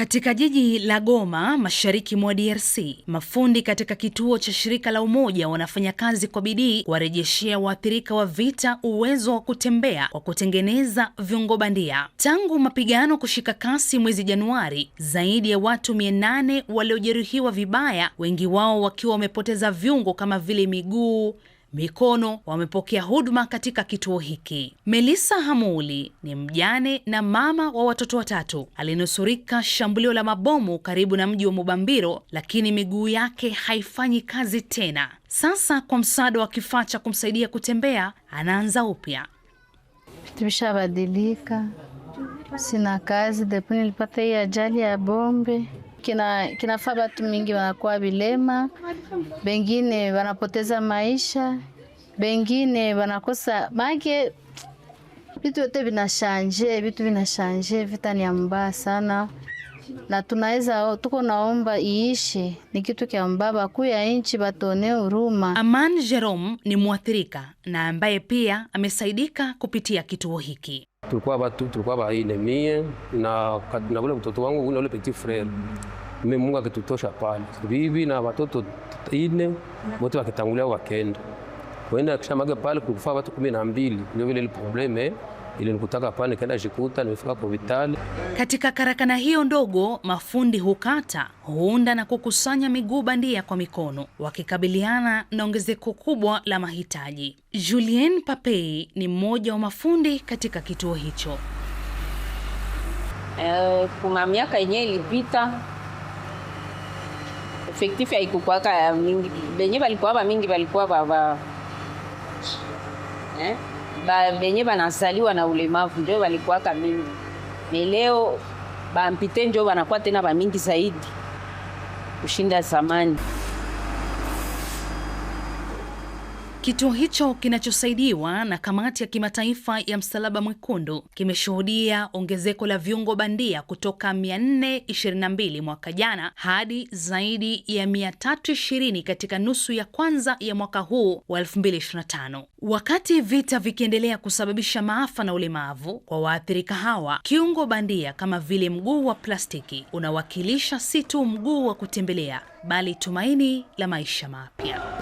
Katika jiji la Goma mashariki mwa DRC, mafundi katika kituo cha shirika la Umoja wanafanya kazi kwa bidii kuwarejeshea waathirika wa vita uwezo wa kutembea kwa kutengeneza viungo bandia. Tangu mapigano kushika kasi mwezi Januari, zaidi ya watu mia nane waliojeruhiwa vibaya, wengi wao wakiwa wamepoteza viungo kama vile miguu mikono wamepokea huduma katika kituo hiki. Melissa Hamuli ni mjane na mama wa watoto watatu, alinusurika shambulio la mabomu karibu na mji wa Mubambiro, lakini miguu yake haifanyi kazi tena. Sasa kwa msaada wa kifaa cha kumsaidia kutembea, anaanza upya. Tumeshabadilika, sina kazi depo nilipata hii ajali ya bombe kina, kinafaa batu mingi wanakuwa vilema, bengine wanapoteza maisha, bengine wanakosa maake vitu vyote vinashanje, vitu vinashanje, vita ni mbaya sana na tunaweza tuko naomba iishi, ni kitu kya mbaba kuu ya nchi batone huruma. Aman Jerome ni mwathirika na ambaye pia amesaidika kupitia kituo hiki. Tulikuwa batu tulikuwa baine mie na na ule mtoto wangu ule petit frere mimi, Mungu akitutosha pale, bibi na watoto ine wote wakitangulia wakenda kwenda kisha mage pale, kulikufa watu kumi na mbili ndio vile ile probleme ili nikutaka pale nikaenda jikuta nimefika vitali. Katika karakana hiyo ndogo, mafundi hukata, huunda na kukusanya miguu bandia kwa mikono, wakikabiliana na ongezeko kubwa la mahitaji. Julien Papei ni mmoja wa mafundi katika kituo hicho. Eh, kuna miaka yenyewe ilipita efektifu haikukwaka mingi, venye valikuwa vamingi valikuwa vava eh? ba benye banazaliwa na ulemavu ndio walikuwaka mingi, meleo bampite njo banakuwa tena bamingi zaidi kushinda zamani. Kituo hicho kinachosaidiwa na Kamati ya Kimataifa ya Msalaba Mwekundu kimeshuhudia ongezeko la viungo bandia kutoka 422 mwaka jana hadi zaidi ya 320 katika nusu ya kwanza ya mwaka huu wa 2025. Wakati vita vikiendelea kusababisha maafa na ulemavu kwa waathirika hawa, kiungo bandia kama vile mguu wa plastiki unawakilisha si tu mguu wa kutembelea bali tumaini la maisha mapya.